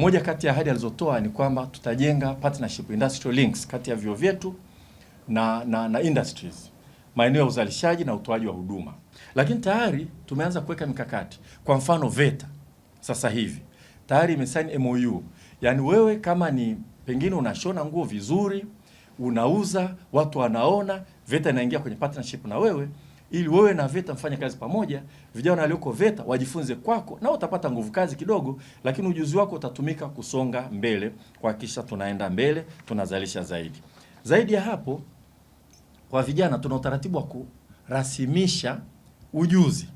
Moja kati ya ahadi alizotoa ni kwamba tutajenga partnership industrial links kati ya vyuo vyetu na, na, na industries maeneo ya uzalishaji na utoaji wa huduma, lakini tayari tumeanza kuweka mikakati. Kwa mfano VETA sasa hivi tayari imesaini MOU, yaani wewe kama ni pengine unashona nguo vizuri, unauza, watu wanaona, VETA inaingia kwenye partnership na wewe ili wewe na VETA mfanye kazi pamoja, vijana walioko VETA wajifunze kwako, na utapata nguvu kazi kidogo, lakini ujuzi wako utatumika kusonga mbele, kuhakikisha tunaenda mbele, tunazalisha zaidi. Zaidi ya hapo, kwa vijana tuna utaratibu wa kurasimisha ujuzi.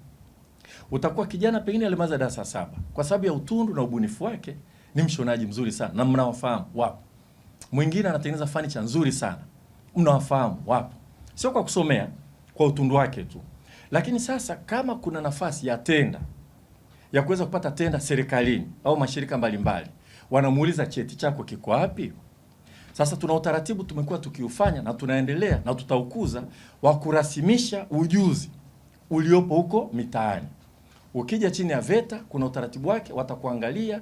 Utakuwa kijana pengine alimaliza darasa saba, kwa sababu ya utundu na ubunifu wake ni mshonaji mzuri sana na mnawafahamu wapo. Mwingine anatengeneza fanicha nzuri sana, mnawafahamu wapo, sio kwa kusomea kwa utundu wake tu. Lakini sasa kama kuna nafasi ya tenda ya kuweza kupata tenda serikalini au mashirika mbalimbali, wanamuuliza cheti chako kiko wapi? Sasa tuna utaratibu tumekuwa tukiufanya na tunaendelea na tutaukuza wa kurasimisha ujuzi uliopo huko mitaani. Ukija chini ya VETA kuna utaratibu wake, watakuangalia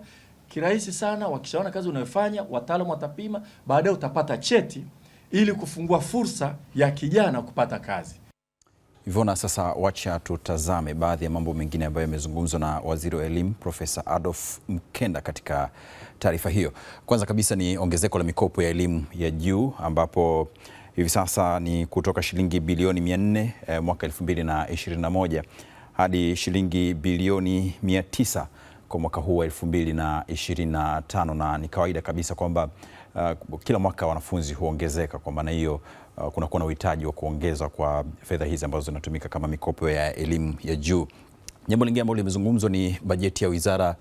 kirahisi sana. Wakishaona kazi unayofanya, wataalamu watapima, baadaye utapata cheti ili kufungua fursa ya kijana kupata kazi. Ivona, sasa wacha tutazame baadhi ya mambo mengine ambayo yamezungumzwa na waziri wa elimu Profesa Adolf Mkenda katika taarifa hiyo. Kwanza kabisa ni ongezeko la mikopo ya elimu ya juu ambapo hivi sasa ni kutoka shilingi bilioni 400 e, eh, mwaka 2021 hadi shilingi bilioni 900 kwa mwaka huu wa 2025 na ni kawaida kabisa kwamba uh, kila mwaka wanafunzi huongezeka. Kwa maana hiyo uh, kunakuwa na uhitaji wa kuongeza kwa fedha hizi ambazo zinatumika kama mikopo ya elimu ya juu. Jambo lingine ambalo limezungumzwa ni bajeti ya wizara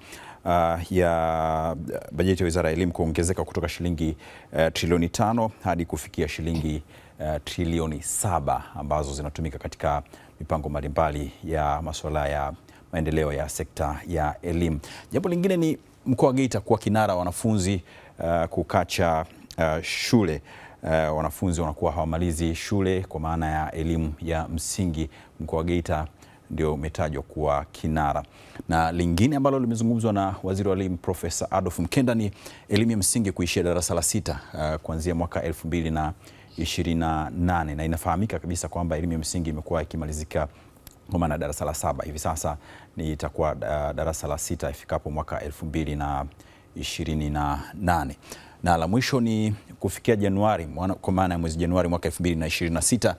uh, ya uh, bajeti ya wizara ya elimu kuongezeka kutoka shilingi uh, trilioni tano hadi kufikia shilingi uh, trilioni saba ambazo zinatumika katika mipango mbalimbali ya masuala ya maendeleo ya sekta ya elimu. Jambo lingine ni mkoa wa Geita kuwa kinara wanafunzi uh, kukacha uh, shule uh, wanafunzi wanakuwa hawamalizi shule kwa maana ya elimu ya msingi. Mkoa wa Geita ndio umetajwa kuwa kinara. Na lingine ambalo limezungumzwa na waziri wa elimu Profesa Adolf Mkenda ni elimu ya msingi kuishia darasa la sita uh, kuanzia mwaka elfu mbili na ishirini na nane na inafahamika kabisa kwamba elimu ya msingi imekuwa ikimalizika kwa maana darasa la saba hivi sasa nitakuwa uh, darasa la sita ifikapo mwaka elfu mbili na ishirini na nane na la mwisho ni kufikia Januari kwa maana ya mwezi Januari mwaka 2026,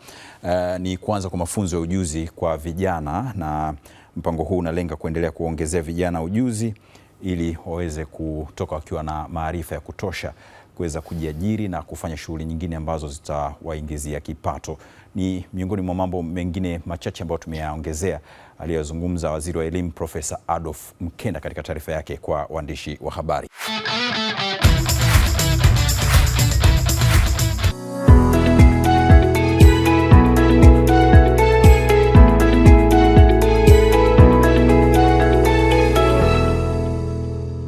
uh, ni kuanza kwa mafunzo ya ujuzi kwa vijana, na mpango huu unalenga kuendelea kuongezea vijana ujuzi ili waweze kutoka wakiwa na maarifa ya kutosha kuweza kujiajiri na kufanya shughuli nyingine ambazo zitawaingizia kipato. Ni miongoni mwa mambo mengine machache ambayo tumeyaongezea aliyozungumza waziri wa elimu Profesa Adolf Mkenda katika taarifa yake kwa waandishi wa habari.